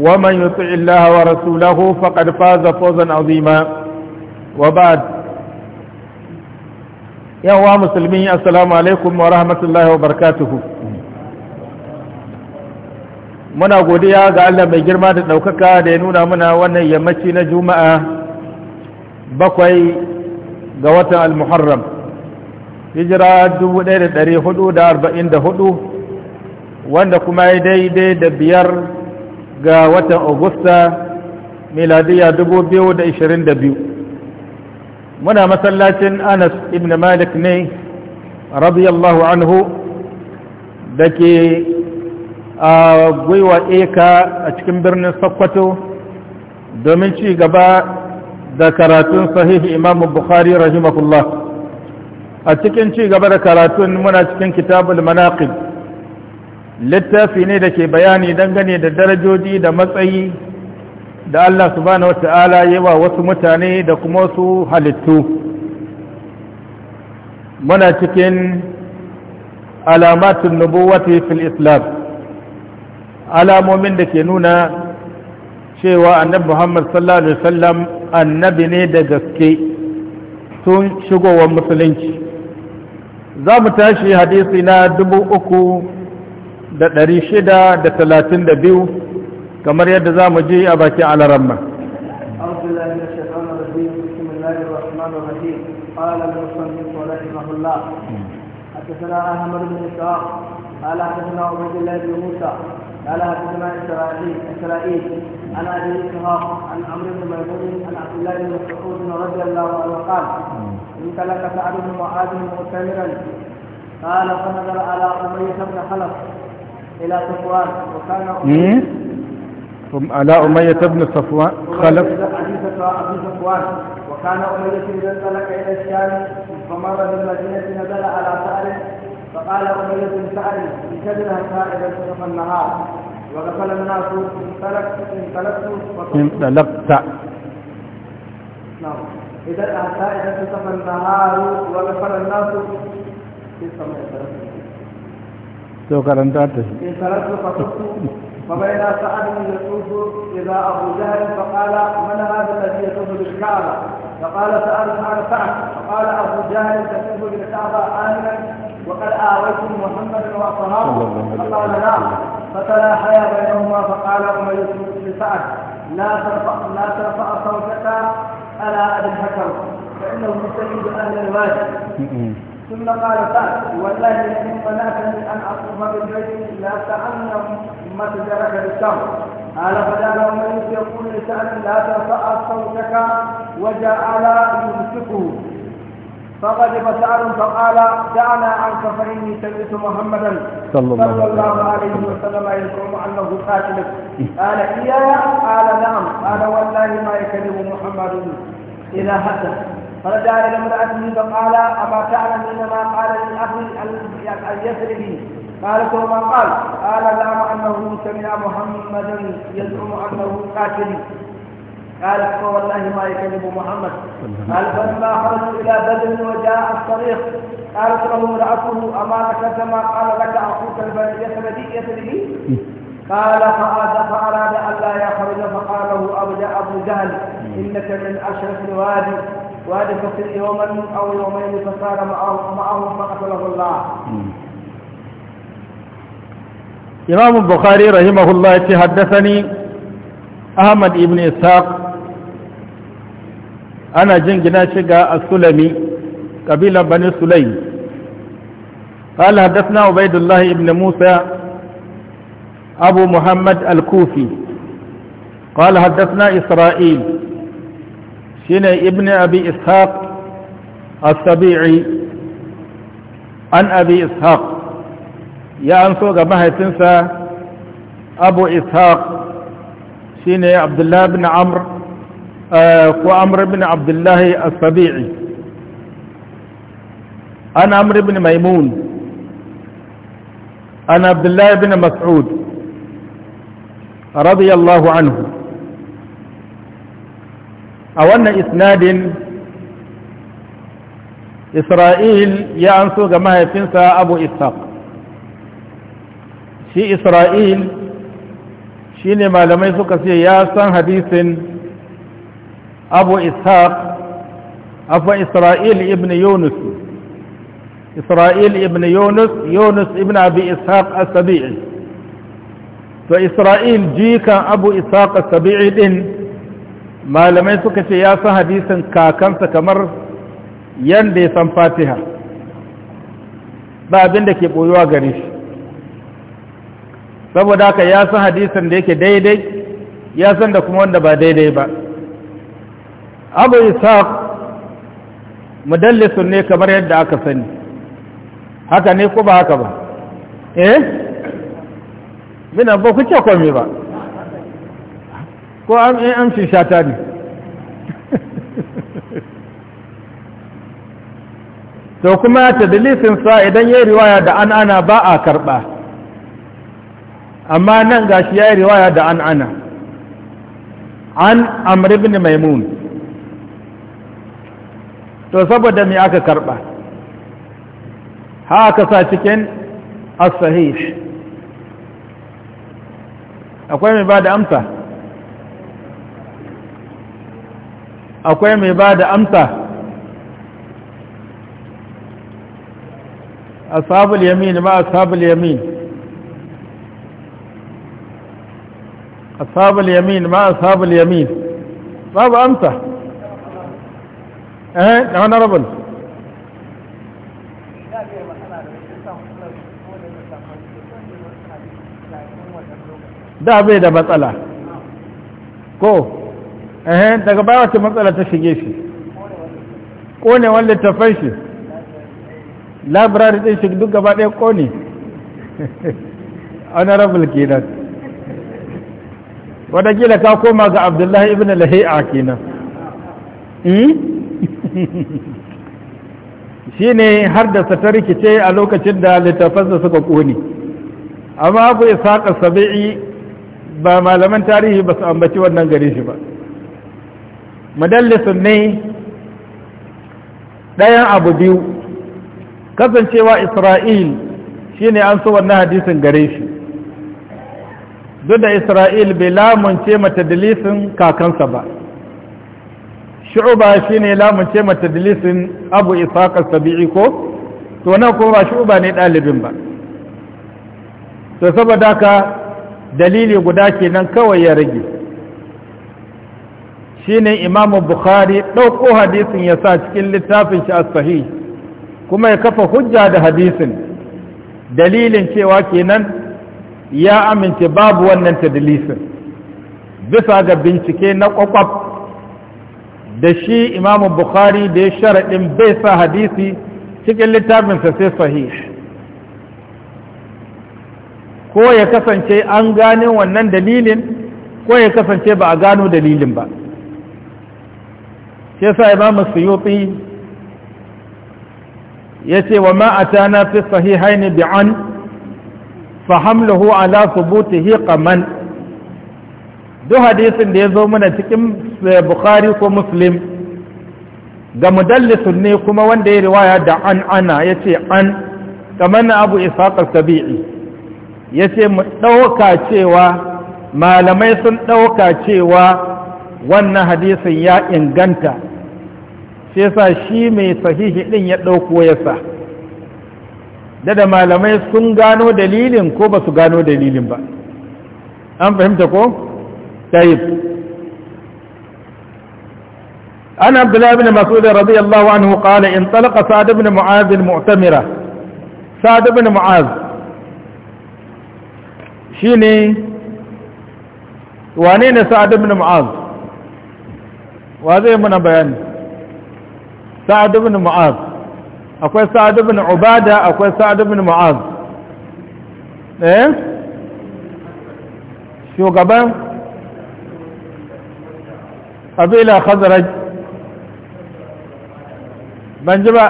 ومن يطع الله ورسوله فقد فاز فوزا عظيما وبعد يا وا مسلمين السلام عليكم ورحمه الله وبركاته muna godiya ga Allah mai girma da daukaka da ya nuna muna wannan yammaci na juma'a bakwai ga watan al-muharram hijira 1444 wanda kuma ya daidai da biyar ga watan augusta miladiya 2022 muna masallacin anas ibn malik ne radiyallahu anhu da ke a gwiwa eka a cikin birnin sokoto domin ci gaba da karatun sahihi imam bukhari rahimahullah a cikin ci gaba da karatun muna cikin kitabul manaqib littafi ne da ke bayani dangane da darajoji da matsayi da Allah subhanahu wata'ala yi wa wasu mutane da kuma wasu halittu muna cikin alamatun nubuwati fil islam alamomin da ke nuna cewa annabi muhammad sallallahu alaihi wasallam annabi ne da gaske tun shigowar musulunci za mu tashi hadisi na dubu uku da ɗari shida da talatin da biyu kamar yadda za mu ji a bakin alaramma قال المصنف رحمه الله حدثنا احمد بن اسحاق قال حدثنا عبيد الله بن موسى قال حدثنا اسرائيل اسرائيل عن ابي اسحاق عن عمرو بن ميمون عن عبد الله بن مسعود رضي الله عنه قال انطلق سعد بن معاذ معتمرا قال فنظر على اميه بن خلف إلى صفوان وكان على أمية بن صفوان خلف أبي صفوان وكان أمية إذا انطلق إلى الشام فمر بالمدينة نزل على سعر فقال أمية سعر لتدرها سائدا سلف النهار وغفل الناس انطلقت انطلقت انطلقت نعم إذا سائدا سلف النهار وغفل الناس في السماء to karanta ta shi فبين سعد يطوف إذا أبو جهل فقال من هذا الذي يطوف بالكعبة؟ فقال سأل عن سعد فقال أبو جهل تطوف بالكعبة آمنا وقد آويتم محمدا وأصحابه فقال نعم فتلاحيا بينهما فقال أمية لسعد لا ترفع لا ترفع صوتك على أبي الحكم فإنه سيد أهل الواجب ثم قال سعد والله لئن منعتني ان اطوف بالبيت تعلم ما تجرك بالشر قال فجاء له عمر يقول لسعد لا ترفع صوتك وجعل يمسكه فغضب سعد فقال دعنا عنك فاني سمعت محمدا صلى الله عليه وسلم يزعم انه قاتلك قال اياه قال نعم قال والله ما يكذب محمد الى حدث فرجع إلى امرأته فقال أما تعلم إنما قال للأخي اليسربي قالت وما قال قال زعم أنه سمع محمدا يزعم أنه قاتل قالت فوالله ما يكذب محمد قال فلما خرجوا إلى بدر وجاء الصريخ قالت له امرأته أما لك كما قال لك أخوك اليسربي يثربي قال فأراد فأراد أن لا يخرج فقال له أبو جهل إنك من أشرف الوادي وهذا فسر يوما أو يومين فصار معهم فقتله الله إمام البخاري رحمه الله حدثني أحمد بن إسحاق أنا جنجنا شقا السلمي قبيلة بني سليم قال حدثنا عبيد الله بن موسى أبو محمد الكوفي قال حدثنا إسرائيل shine ibn abi ishaq as-sabi'i an abi ishaq ya an so ga mahaifinsa abu ishaq shine abdullahi bin amr eh, ko amr bin abdullahi as-sabi'i an amr bin maimun an abdullahi bin mas'ud radiyallahu anhu a wannan isnadin isra'il ya an so ga mahaifinsa abu ishaq shi isra'il shi ne malamai suka ce ya san hadisin abu ishaq abu isra'il ibn yunus isra'il ibn yunus yunus ibn abi ishaq as-sabi'i to isra'il jikan abu ishaq as-sabi'i din malamai suka ce ya san hadisin kakansa kamar yadda ya san fatiha ba abinda ke ɓoyuwa gare shi saboda haka ya san hadisin da yake daidai ya san da kuma wanda ba daidai ba abu isaq mudallisun ne kamar yadda aka sani haka ne ko ba haka ba eh bina ba ku ce komai ba ko an yi eh, an shata ne to kuma ta dalisinsa idan ya yi riwaya da an ana ba a karɓa amma nan gashi ya yi riwaya da an ana an amribin maimun to saboda me aka karɓa haka sa cikin as-sahih akwai mai ba da amsa akwai mai ba da amsa asabul yamin ma asabul yamin asabul yamin ma asabul yamin babu amsa eh da wani rabin da bai da matsala ko daga bawa wata matsala ta shige shi kone wanda ta fashi labrari din shi duk gaba ɗaya kone honorable kenan wadakila ka koma ga abdullahi ibn lahi'a kenan hmm? shi ne har da ta rikice a lokacin da littafan da suka kone amma abu isa sabi'i ba malaman tarihi ba su ambaci wannan gare shi ba madallisin ne ɗayan abu biyu kasancewa isra'il shine an so wannan hadisin gare shi duk da isra'il bai lamunce matadilisin kakansa ba shu'uba shine lamunce matadilisin abu isaƙa sabii ko to nan kuma ba shu'uba ne dalibin ba to saboda ka dalili guda kenan kawai ya rage shine imamu bukhari ɗauko hadisin ya sa cikin littafin shi a sahih kuma ya kafa hujja da hadisin dalilin cewa kenan ya amince babu wannan tadlisin bisa ga bincike na kwakwaf da shi imamu bukhari da ya sharaɗin bai sa hadisi cikin littafinsa sai sahih ko ya kasance an gane wannan dalilin ko ya kasance ba a gano dalilin ba shi yasa imamu suyuti ce wa ma na fi sahihain bi'an fa ala thubutihi qaman duk hadisin da ya zo mana cikin bukhari ko muslim ga mudallisun ne kuma wanda ya riwaya da an ana ya ce an kamar na abu isaƙar sabi'i ya ce mu ɗauka cewa malamai sun ɗauka cewa wannan hadisin ya inganta shi yasa shi mai sahihi din ya ɗauko yasa da malamai sun gano dalilin ko ba su gano dalilin ba an fahimta ko? tayib an abdullahi bin mas'ud radiyallahu anhu qala in talaqa sa'd ibn mu'az al-mu'tamira sa'd ibn mu'az shine wane ne sa'd ibn mu'az wa zai muna bayani sa'ad ibn mu'az akwai sa'ad ibn ubada akwai sa'ad ibn mu'az eh shugaban Ƙabila khazraj ban ji ba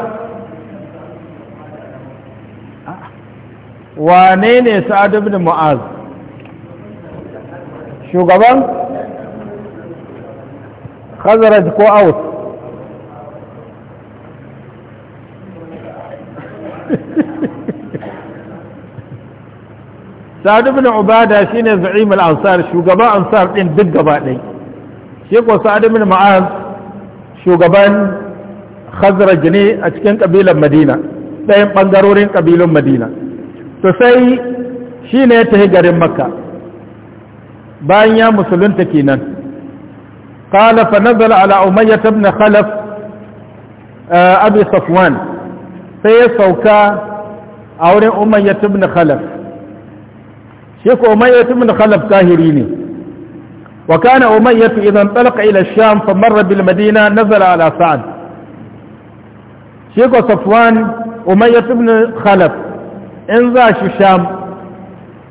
wane ne sa'ad ibn mu'az shugaban khazraj ko aus sa'ad ibn ubada shine za'im al-ansar shugaban ansar din duk gaba ɗaya shi ko sa'ad ibn shugaban khazraj ne a cikin kabilar madina ɗayan bangarorin kabilun madina to sai shine ya tafi garin makka bayan ya musulunta kenan قال فنزل على أمية بن خلف أبي صفوان sai ya sauka a wurin umayya ibn khalaf shi ko umayya ibn khalaf kahiri ne wa kana fi idan talqa ila sham fa marra bil madina nazala ala sa'd shi ko safwan umayya ibn khalaf in za shi sham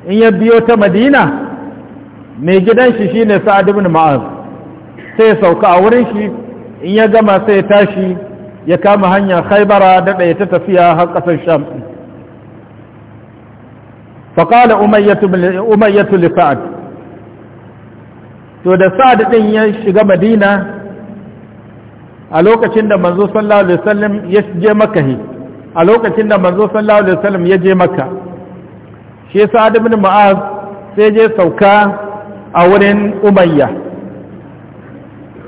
in ya biyo ta madina mai gidan shi shine sa'ad ibn ma'az sai ya sauka a wurin shi in ya gama sai ya tashi ya kama hanyar khaibara daɗa ya ta tafiya har ƙasar sham faƙala umayyatu li to da sa'ad ɗin ya shiga madina a lokacin da manzo sallallahu alaihi wasallam ya je he a lokacin da manzo sallallahu alaihi wasallam ya je makka shi sa'ad ibn mu'az sai je sauka a wurin umayya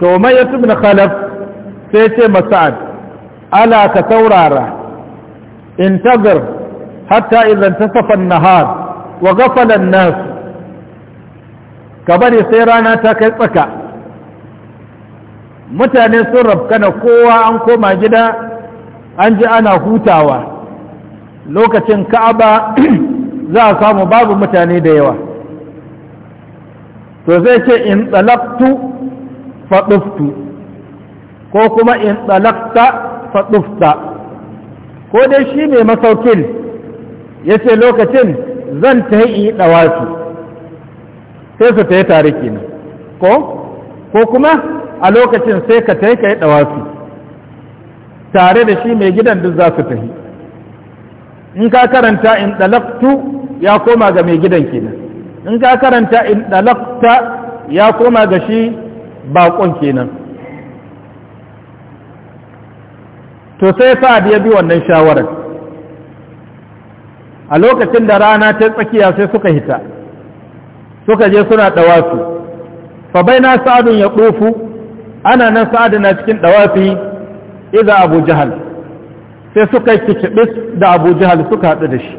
to umayyatu ibn khalaf sai ce masa'ad ala ka saurara intagar hatta idan ta tasafan nahar wa gafalan nasu ka bari sai rana ta kai tsaka mutane sun rafkana kowa an koma gida an ji ana hutawa lokacin ka'aba za a samu babu mutane da yawa to zai ce in tsalaktu faɗuftu ko kuma in tsalakta faɗufta ko dai shi mai masaukin ya ce lokacin zan ta yi ɗawasu sai su ta yi tare kenan ko ko kuma a lokacin sai ka ta yi ka yi ɗawasu tare da shi mai gidan duk za su ta yi in ka karanta in ɗalaktu ya koma ga mai gidan kenan in ka karanta in ɗalakta ya koma ga shi baƙon kenan to sai sa'ad ya bi wannan shawarar a lokacin da rana ta tsakiya sai suka hita suka je suna dawasu fa baina sa'adun ya qufu ana nan sa'ad na cikin dawafi iza abu jihal sai suka kicibis da abu jihal suka haɗu da shi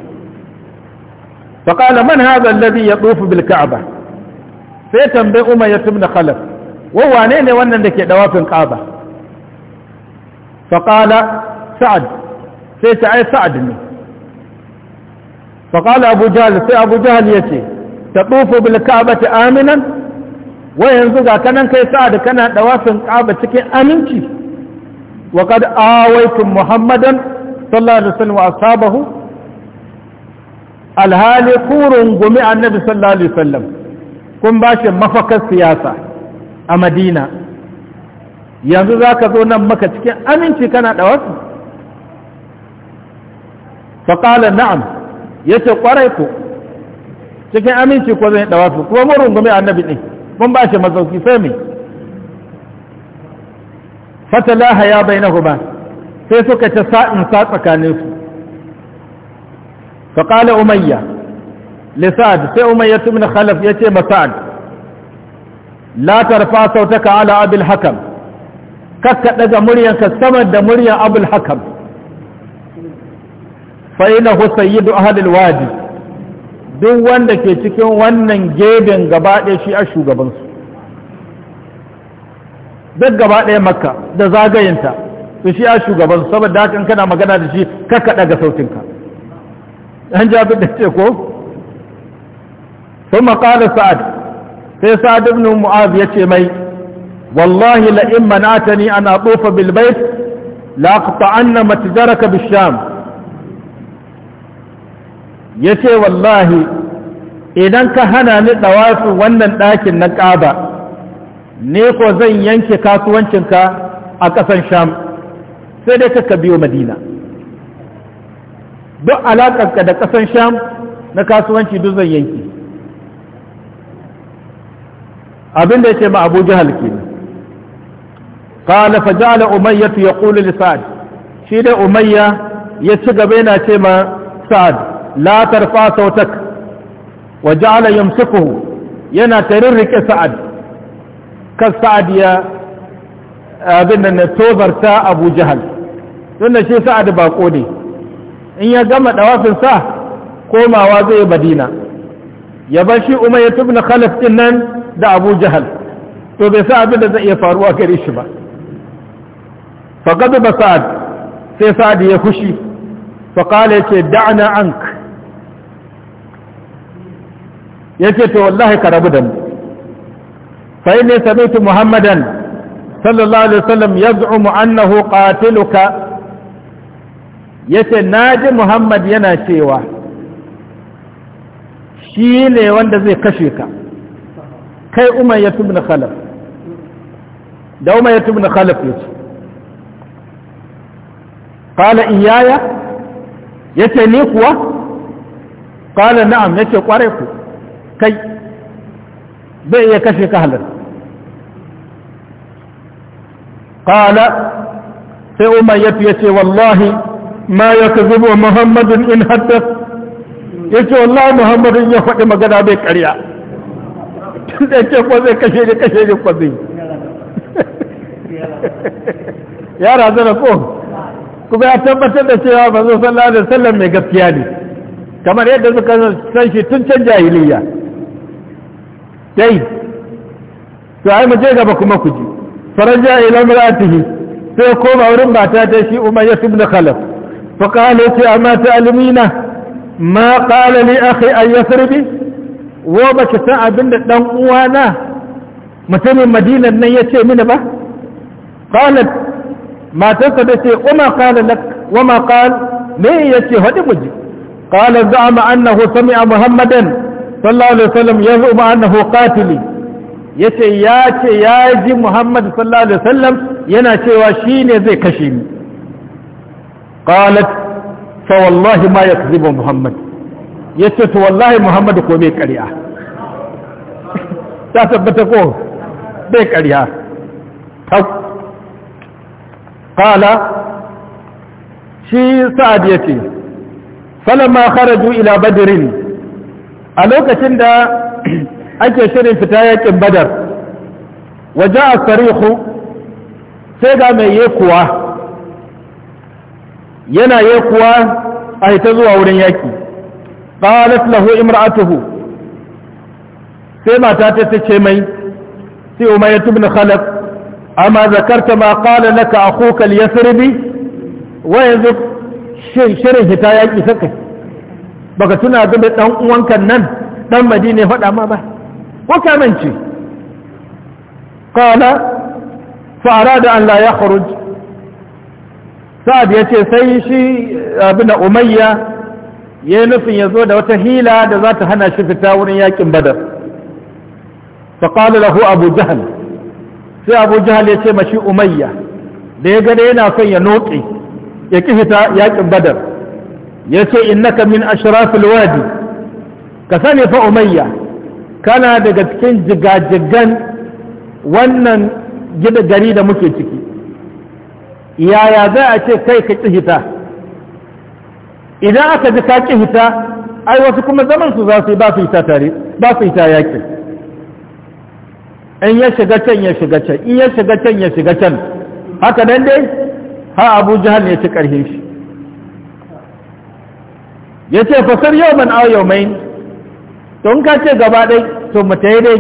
fa qala man hadha ya yaqufu bil ka'bah sai tambayi ya tumna khalaf wawane ne wannan da ke ɗawafin ƙaba faƙala sa'ad sai ta ai sa'ad ne faƙala abu sai abu jahal ta ɗufu bilka'aba ta aminan wai yanzu ga kanan kai sa'ad kana ɗawafin kaba cikin aminci wa kad awaitun muhammadan sallallahu alaihi wasallam wa ashabahu alhali kurun gumi annabi sallallahu alaihi wasallam kun ba shi mafakar siyasa a madina yanzu za ka zo nan maka cikin aminci kana ɗawafi faƙalar na'am ya ce ƙwarai ku cikin aminci ko zai ɗawafi kuma mun a annabi ɗin mun ba shi mazauki sai mai fatalaha ya bai na huma sai suka ce sa'in sa tsakanin su faƙalar umayya lissad sai umayya tumina khalaf ya ce masa'ad la tarfa sautaka ala abil hakam kakka daga muryanka sama da muryan abul hakam fa inahu sayyidu ahlil wadi duk wanda ke cikin wannan geben gaba ɗaya shi a shugabansu duk gaba ɗaya makka da zagayinta su shi a shugabansu saboda haka kana magana da shi kakka daga sautinka an jabi da ce ko sun maƙalar sa'ad sai sa'ad ibn mu'az ya ce mai wallahi la in manatani an atufa bil bait la aqta'anna matjaraka bisham. sham yace wallahi idan ka hana ni ɗawafin wannan ɗakin na ƙaba, ne ko zan yanke kasuwancinka a ƙasan sham sai dai ka biyo madina duk alaƙarka da ƙasan sham na kasuwanci duk zan yanke abinda ya ce ma abu jihal kenan قال فجعل أمية يقول لسعد شيد أمية يتشق بين أتما سعد لا ترفع صوتك وجعل يمسكه ينا ترهك سعد كالسعد يا أبن توفر تا أبو جهل لن شي سعد باقودي إن يجمد أوافن سعد قوم أوازي بدينا يبشي أمية ابن خلف إنن دا أبو جهل تو بسعد بدأ يفاروها كريش بك fa ba sa'ad sai sa'ad ya fushi fa qala yace da'na Ya ce to wallahi ka rabu da mu fa ne sami'tu muhammadan sallallahu alaihi wasallam yaz'umu annahu ce na naji muhammad yana cewa shi ne wanda zai kashe ka kai umar ya tubna khalaf da umar ya tubna khalaf yace in yaya ya ce ni kuwa qala na'am ya ce kware ku kai bai iya kashe ka halal qala sai Umar umayyatu yace wallahi ma yakzubu muhammadun in haddath yace wallahi muhammadun ya faɗi magana bai karya tun da yake ko zai kashe ni kashe ni ko zai yara zana ko kuma ya tabbatar da cewa manzo sallallahu alaihi wasallam mai gaskiya ne kamar yadda suka san shi tun can jahiliya dai to ai mu je gaba kuma ku ji faraja ila mar'atihi sai koma wurin mata ta shi umayya ibn khalaf fa qala ya amma ta'limina ma qala li akhi ay yasribi wa baki san abinda dan uwana mutumin madinan nan yace mini ba qalat matarsa da ce wama qala lak wama qal me yace hadi muji qala za'ama annahu sami'a muhammadan sallallahu alaihi wasallam yaz'u annahu qatili yace ya ce ya ji muhammad sallallahu alaihi wasallam yana cewa shine zai kashe ni qalat fa wallahi ma yakzibu muhammad yace to wallahi muhammad ko bai ƙarya ta tabbata ko bai ƙarya qala shi sa'ad yace falamma kharaju ila badrin a lokacin da ake shirin fita yakin badar waje a sarihu sai ga mai yekuwa yana yekuwa a ita zuwa wurin yaki qalat lahu imra'atuhu sai mata ta ce mai sai umayyah ibn khalaf amma zakarta ma qala laka akhuka al-yasribi wa yanzu shin shirin hita yaki saka baka tuna ga da dan uwanka nan dan madina ya faɗa ma ba ko ka mance qala fa arada an la yakhruj sa'ad yace sai shi abin umayya ya nufin ya zo da wata hila da za ta hana shi fita wurin yakin badar faƙalu lahu abu jahal sai abu jihal ya ce mashi umayya da ya gada yana son ya noƙe ya ƙi fita yaƙin badar ya ce innaka min ashrafil wadi ka sani fa umayya kana daga cikin jigajigan wannan gida gari da muke ciki yaya za a ce kai ka ƙi fita idan aka ji ka ƙi fita ai wasu kuma zaman su za su yi ba su yi ta yaƙin in ya shiga can ya shiga can in ya shiga can ya shiga can haka nan dai ha abu jahal ya ci karhin shi ya ce fasar yau man awa yau mai to in ka ce gaba ɗai to mata yi dai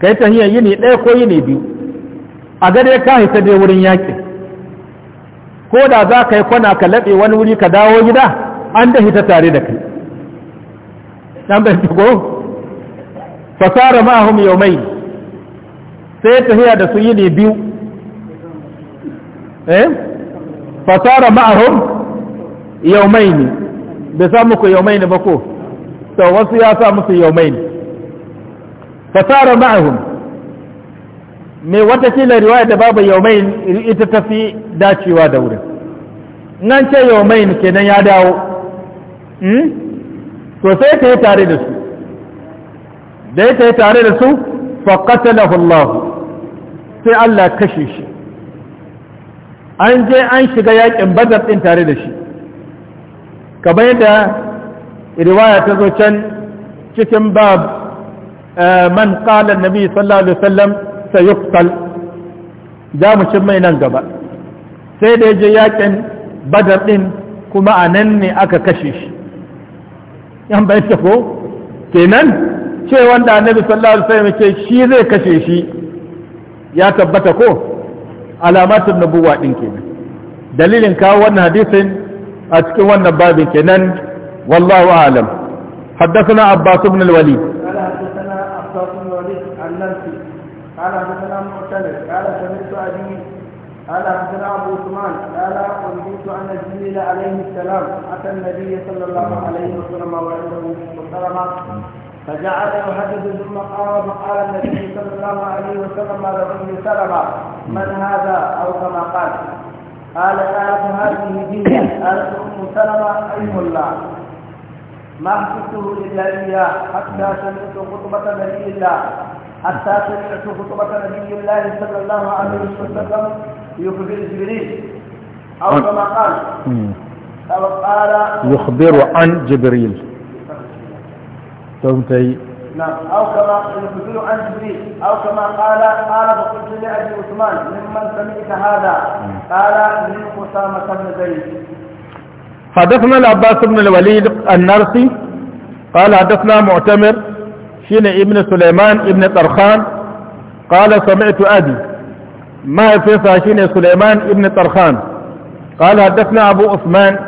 ka yi tahiyar yini ɗaya ko yini biyu a gare ka haifar dai wurin yaƙi ko da za ka yi kwana ka laɓe wani wuri ka dawo gida an da hita tare da kai ɗan bai tuko fasara ma'ahum yau mai sai tafiya da su yi ne biyu eh fasara ma'ahum yaumaini bai sa muku yaumaini ba ko to wasu ya sa musu yaumaini fasara ma'ahum mai watakila riwaya da babu yaumain ita tafi dacewa da wurin nan ce yaumain kenan ya dawo hmm? to sai ka yi tare da su da ya yi tare da su na Allah sai Allah kashe shi an je an shiga yakin badar ɗin tare da shi kamar yadda riwaya ta zo can cikin bab eh, man qala annabi sallallahu alaihi wasallam sayuqtal da mu cin mai nan gaba sai da je yakin badar ɗin kuma a nan ne aka kashe shi yan bayyana ko kenan ce wanda annabi sallallahu alaihi wasallam ce shi zai kashe shi ya tabbata ko alamatun nubuwa din kenan dalilin kawo wannan hadisin a cikin wannan babin kenan wallahu a'lam حدثنا عباس بن الوليد قال حدثنا عباس بن الوليد النمسي قال حدثنا معتمر قال سمعت ابي قال حدثنا ابو عثمان قال انبئت ان جبريل عليه السلام اتى النبي صلى الله عليه وسلم وعنده مسلمه فجعل يحدث ثم قام فقال النبي صلى الله عليه وسلم على ابن سلمة من هذا أو كما قال قال كانت هذه دي آية أم سلمة أيم الله ما حسبته إلا إياه حتى سمعت خطبة نبي الله حتى سمعت خطبة نبي الله صلى الله عليه وسلم يخبر جبريل أو كما قال أو قال يخبر عن جبريل نعم أو كما يخبر عن جبريل أو كما قال قال فقلت لأبي عثمان ممن سمعت هذا قال من أسامة بن زيد حدثنا العباس بن الوليد النرسي قال حدثنا معتمر شين ابن سليمان ابن طرخان قال سمعت أبي ما في شين سليمان ابن طرخان قال حدثنا أبو عثمان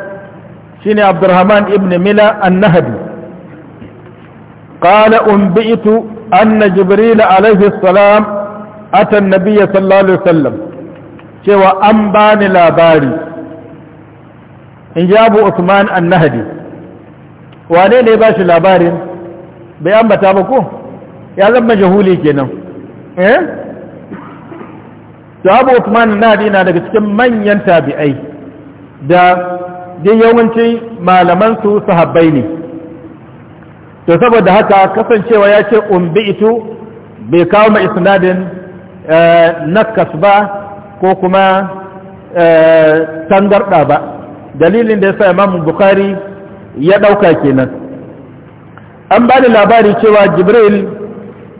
شين عبد الرحمن ابن ملا النهدي قال أنبئت أن جبريل عليه السلام أتى النبي صلى الله عليه وسلم شوى أنبان لاباري إجاب عثمان النهدي wane ne ba labarin bai ambata ba ko ya zama jahuli kenan eh to abu Uthman Nadi na daga cikin manyan tabi'ai da dai yawanci malaman su sahabbai ne to saboda haka kasancewa ya ce umbitu bai kawo mai isnadin eh, nakas ba ko kuma eh, tangarda ba dalilin da ya sa imam bukari ya dauka kenan an ba da labari cewa jibril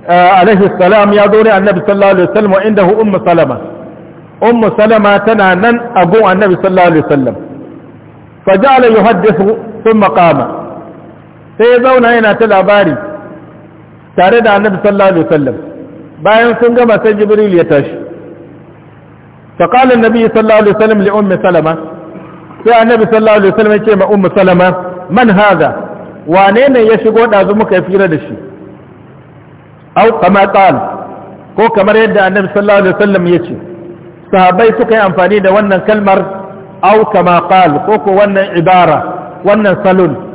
eh, alaihi salam ya zo ne annabi sallallahu alaihi wasallam inda hu ummu salama ummu salama tana nan a gun annabi sallallahu alaihi wasallam fa ja'ala yuhaddithu thumma qama sai ya zauna yana ta labari tare da annabi sallallahu alaihi wasallam bayan sun gama sai jibril ya tashi fa qala annabi sallallahu alaihi wasallam li ummi salama sai annabi sallallahu alaihi wasallam ya ce ma ummi salama man hadha wane ne ya shigo dazu muka yi fira da shi au kama qal ko kamar yadda annabi sallallahu alaihi wasallam ya ce sahabbai suka yi amfani da wannan kalmar au kama qal ko ko wannan ibara wannan salon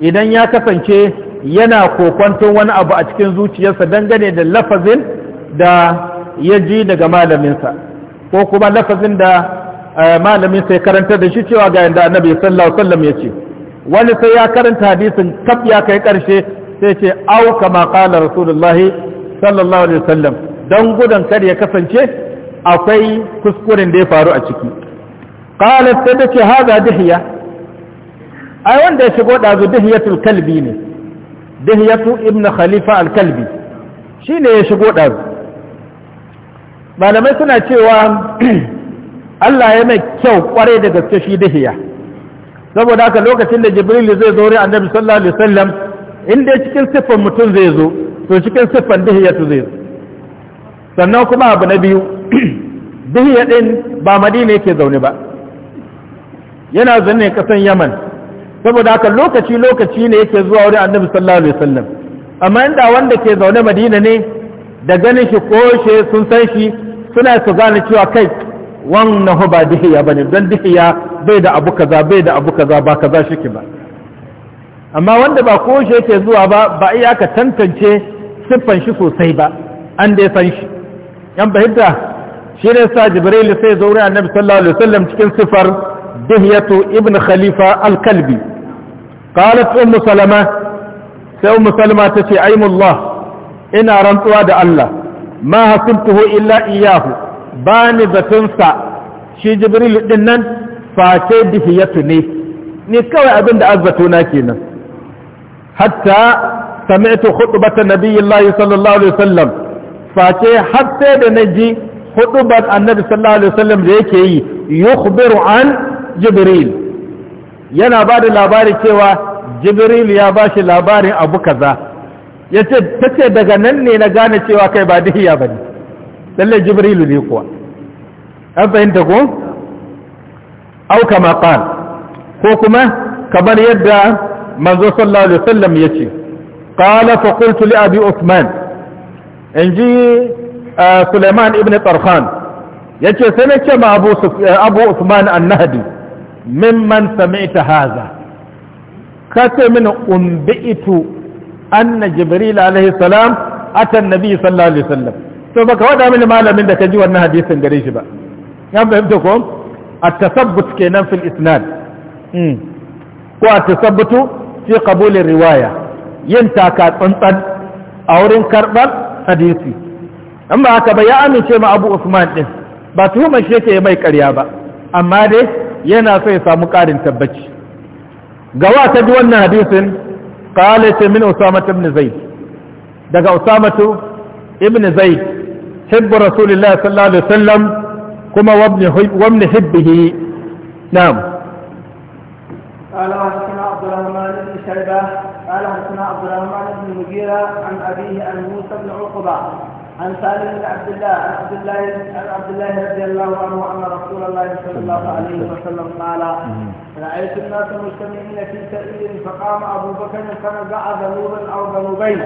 idan ya kasance yana kokwanton wani abu a cikin zuciyarsa dangane da lafazin da ya ji daga malaminsa ko kuma lafazin da eh, malaminsa ya karanta da shi cewa ga yadda annabi sallallahu alaihi wasallam ya ce wani sai ya karanta hadisin kaf ya kai karshe sai ce au kama qala rasulullahi sallallahu alaihi wasallam dan gudan kar ya kasance akwai kuskuren da ya faru a ciki qala sai ta ce hada ai wanda ya shigo ɗazu dihiyatul kalbi ne dihiyatu ibn khalifa al-kalbi shi ya shigo ɗazu malamai suna cewa Allah ya mai kyau kware da gaske shi dihiya saboda haka lokacin da jibril zai zo ri annabi sallallahu alaihi wasallam in dai cikin siffan mutum zai zo to cikin siffan dihiyatu zai zo sannan kuma abu na biyu dihiya din ba madina yake zaune ba yana zanne kasan yaman saboda haka lokaci lokaci ne yake zuwa wurin annabi sallallahu alaihi wasallam amma inda wanda ke zaune madina ne da ganin shi ko she sun san shi suna su gane cewa kai wannan ba dihiya bane dan dihiya bai da abu kaza bai da abu kaza ba kaza shike ba amma wanda ba ko she yake zuwa ba ba iya ka tantance siffan shi sosai ba an dai san shi yan bahidda shi ne sa jibril sai zo annabi sallallahu alaihi wasallam cikin sifar dihiyatu ibn khalifa al-kalbi qalat ummu salama sai ummu salama tace aimullah ina rantsuwa da Allah ma hasibtuhu illa iyyahu bani sa shi jibril din nan face dihiyatu ne ni kawai abin da azzato na kenan hatta sami'tu khutbata nabiyillahi sallallahu alaihi face har sai da naji hudubar annabi sallallahu alaihi wasallam da yake yi yukbiru an jibril yana ba da labari cewa jibril ya ba shi labarin abu kaza ya ce ta ce daga nan ne na gane cewa kai ba dihiya ba ne lalle Jibril ne kuwa an fahimta ko auka maƙal ko kuma kamar yadda manzo sallallahu alaihi wasallam ya ce ƙala fa qultu li abi usman in ji eh, suleiman ibn tarhan ya ce sai na ce ma abu usman eh, annahdi mimman sami'ta haza ka ce mini umbi'itu anna jibril alaihi salam atan nabi sallallahu alaihi wasallam to baka wada mini malamin da ka ji wannan hadisin gare shi ba ya fahimta ko at-tasabbut kenan fil isnad mm ko at-tasabbutu fi riwaya yin taka tsantsan a wurin karbar hadisi amma haka ba ya amince ma Abu Usman ɗin ba tuhumar shi yake mai karya ba amma dai yana so ya samu ƙarin tabbaci gawa ta ji wannan hadisin qala ta min usama ibn zaid daga usama ibn zaid hibbu rasulillah sallallahu alaihi wasallam kuma wabni wabni hibbihi na'am قال حدثنا عبد الرحمن بن شيبه قال حدثنا عبد الرحمن بن مغيره عن ابيه عن موسى بن عقبه عن سالم بن عبد الله عن عبد الله عن عبد الله رضي الله عنه ان رسول الله صلى الله عليه وسلم قال رايت الناس مجتمعين في سبيل فقام ابو بكر فنزع ذنوبا او ذنوبين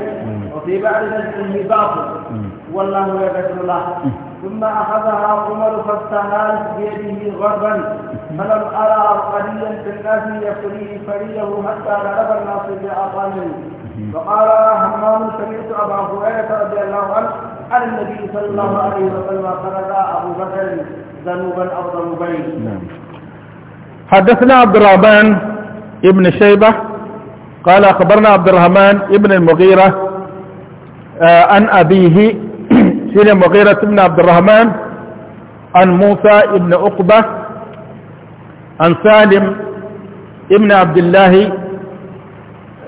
وفي بعض نزعه باطل والله يغفر له ثم اخذها عمر فاستهان بيده غربا فلم ارى قليلا في الناس يفريه فريه حتى غلب الناس باقامه فقال همام سمعت ابا هريره رضي الله عنه عن النبي صلى الله عليه وسلم خرج أبو بكر ذنوبا أو ذنوبين نعم حدثنا عبد الرحمن ابن شيبة قال أخبرنا عبد الرحمن ابن المغيرة آه، عن أبيه سيد المغيرة ابن عبد الرحمن عن موسى ابن أقبة عن سالم ابن عبد الله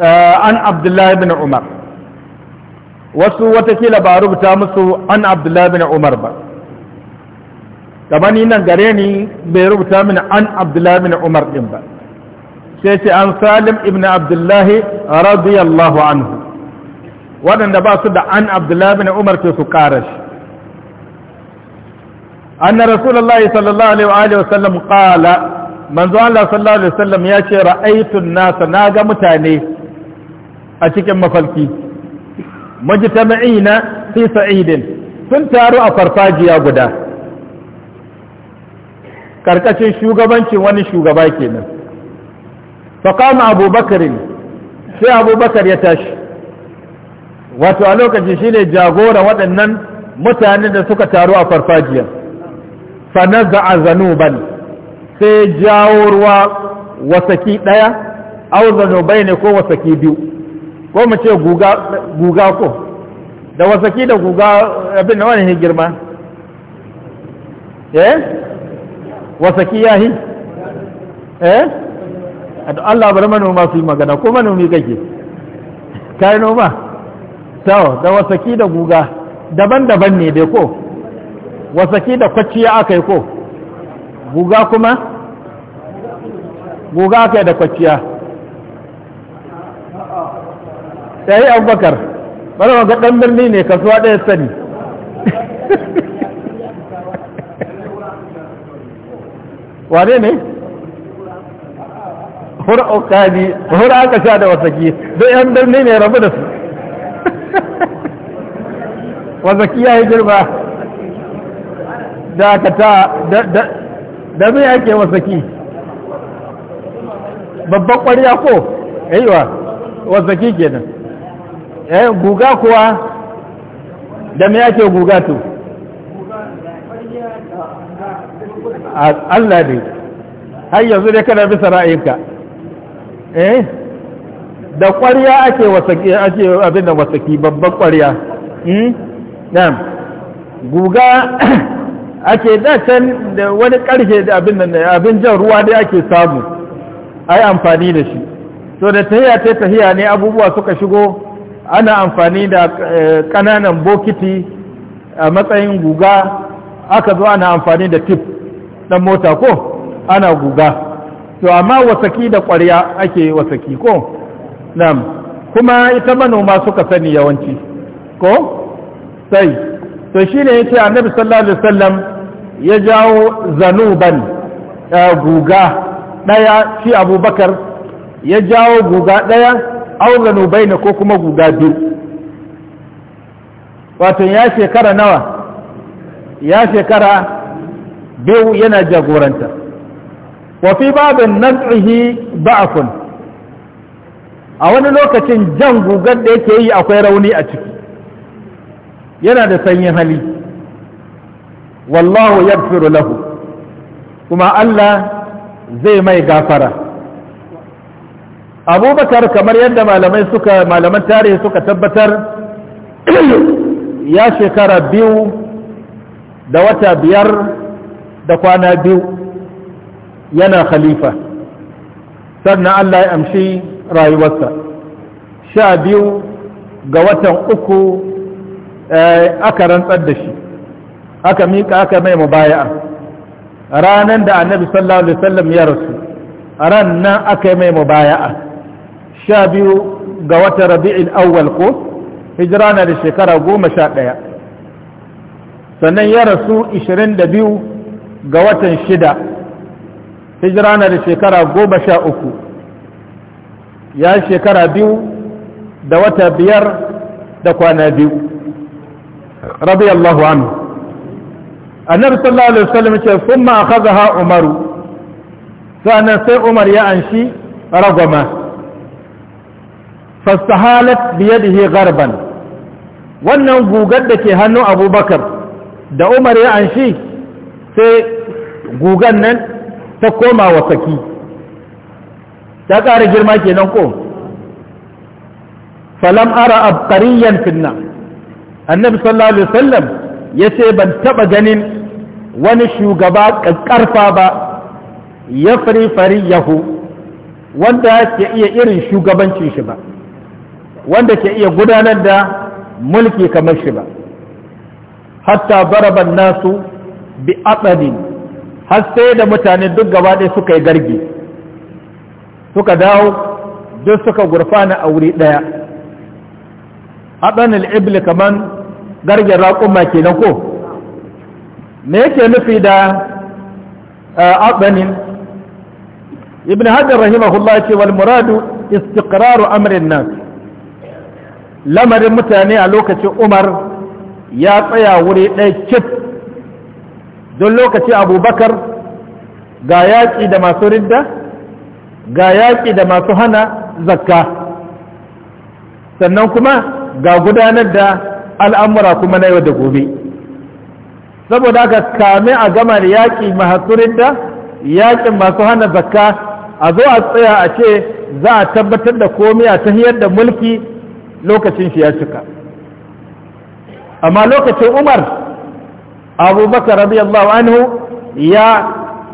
آه، عن عبد الله بن عمر wasu watakila ba rubuta musu an abdullahi bin umar ba kamar ni nan gare ni bai rubuta mini an abdullahi bin umar din ba sai ce an salim ibn abdullahi radiyallahu anhu waɗanda ba su da an abdullahi bin umar ke su ƙara shi anna rasulullahi sallallahu alaihi wa sallam qala manzo Allah sallallahu alaihi wa sallam ya ce ra'aytu an-nasa naga mutane a cikin mafalki majtama'ina fi sa'idin sun taru a farfajiya guda karkashin shugabancin wani shugaba kenan faqama abubakar sai abubakar ya tashi wato a lokacin shine jagora waɗannan mutanen da suka taru a farfajiya fanaza naza'a zanuban sai jawo ruwa wasaki daya au zanubai ne ko wasaki biyu ko mu ce guga ko da wasaki da guga abin na wani girma eh wasaki ya yi eh to Allah bar manoma su yi magana ko manomi kake kai noma to da wasaki da guga daban-daban ne dai ko wasaki da kwaciya aka yi ko guga kuma guga aka yi da kwaciya ya yi abubakar bari ga dan birni ne kasuwa ɗaya sani wane ne hura okadi hura aka sha da wasaki don yan birni ne rabu da su wasaki ya yi girma da aka ta da mai ake wasaki babban ƙwariya ko aiwa wasaki kenan eh guga kuwa da me yake guga to Allah dai har yanzu dai kana bisa ra'ayinka eh da ƙwarya ake wasaki ake abin da wasaki babban ƙwarya hmm na'am guga ake da can da wani ƙarfe da abin nan abin jan ruwa dai ake samu ai amfani da shi to da tahiya ta tahiya ne abubuwa suka shigo ana amfani da eh, ƙananan bokiti a matsayin guga aka zo ana amfani da tip ɗan mota ko ana guga to amma wasaki da ƙwarya ake wasaki ko nam kuma ita manoma suka sani yawanci ko sai to shi ne ya ce annabi sallallahu alaihi wasallam ya jawo zanuban eh, guga ɗaya shi abubakar ya jawo guga ɗaya auzanu baina ko kuma guga biyu wato ya shekara nawa ya shekara biyu yana jagoranta wa fi babin naz'ihi ba'fun a wani lokacin jan gugar da yake yi akwai rauni a ciki yana da sanyin hali wallahu yaghfiru lahu kuma Allah zai mai gafara abubakar kamar yadda malamai suka malaman tarihi suka tabbatar ya shekara biyu da wata biyar da kwana biyu yana khalifa sannan Allah ya amshi rayuwarsa sha biyu ga watan uku eh, aka rantsar da shi aka miƙa aka mai mubaya'a ranan da annabi sallallahu alaihi wasallam ya rasu ran nan aka yi mai mubaya'a sha biyu ga wata rabi'in awwal ko hijira na da shekara goma sha ɗaya sannan ya rasu 22 da biyu ga watan shida hijira na da shekara goma sha uku ya shekara biyu da wata biyar da kwana biyu radiyallahu anhu annabi sallallahu alaihi wasallam ce summa ha umaru sannan sai umar ya anshi ragama fastahalat biyadihi garban wannan gugar da ke hannun abubakar da umar ya anshi sai gugan nan ta koma wa saki ta ƙara girma nan ko falam ara abqariyan finna annabi sallallahu alaihi wasallam ce ban taba ganin wani shugaba ƙarfa ba ya fari yahu wanda ke iya irin shugabancin shi ba wanda ke iya gudanar da mulki kamar shi ba hatta baraban nasu bi atsanin har sai da mutane duk gaba ɗaya suka yi gargi suka dawo duk suka gurfana a wuri ɗaya atsanil ibli kaman gargin raƙuma kenan ko me yake nufi da eh, atsanin ibn hajar rahimahullah ce wal muradu istiqraru amrin nasu lamarin mutane a lokacin umar ya tsaya wuri ɗaya cif don lokaci abubakar ga yaƙi da masu ridda ga yaƙi da masu hana zakka sannan kuma ga gudanar da al'amura kuma na yau da gobe saboda ga kame a gama da yaƙi masu ridda yaƙin masu hana zakka a zo a tsaya a ce za a tabbatar da komiya ta hiyar da mulki lokacin shi ya cika amma lokacin umar abubakar radiyallahu anhu ya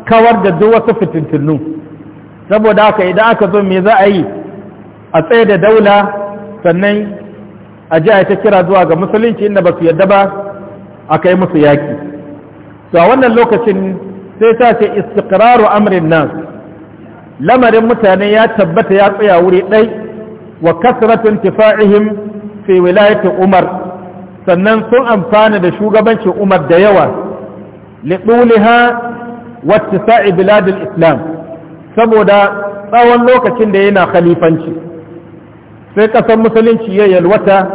kawar da duk wasu fitintunu saboda haka idan aka zo me za a yi a tsaye da daula sannan a ji a ta kira zuwa ga musulunci inda ba su yadda ba a kai musu yaki. to a wannan lokacin sai ta ce istiqraru amrin nan lamarin mutane ya tabbata ya tsaya wuri ɗai wa kasratu intifa'ihim fi wilayati umar sannan sun amfana da shugabancin umar da yawa liɗuliha wattisa'i biladul islam saboda tsawon lokacin da yana khalifanci sai ƙasar musulunci ya yalwata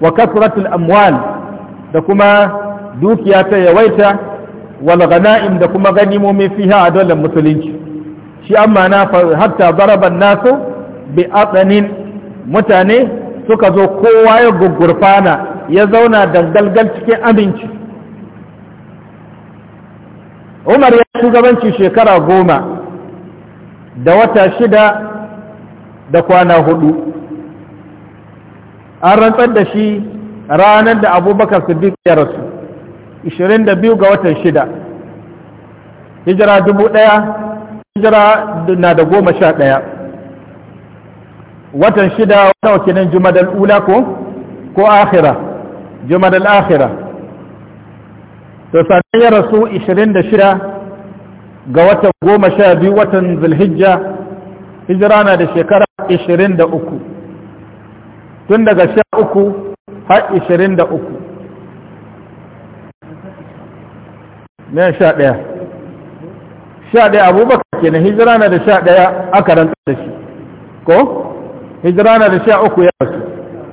wa kasratul amwal da kuma dukiya ta yawaita wal ghana'im da kuma ganimomi fiha a dole musulunci shi amma na hatta zaraban nasu bi atsanin mutane suka zo kowa ya gugurfana, ya zauna da dangalgal cikin aminci umar ya shugabanci shekara goma da wata shida da kwana hudu an rantsar da shi ranar da abubakar biyu ya rasu 22 ga watan shida hijira dubu ɗaya hijira na da goma sha ɗaya watan shida nawa kenan jumadal ula ko ko akhira jumadal akhira to sanan ya rasu 26 ga watan biyu watan zulhijja hijira na da shekara 23 tun daga sha uku har 23 Nan sha ɗaya sha ɗaya abubakar kenan hijira na da sha ɗaya aka rantar da shi ko hijira da sha uku ya rasu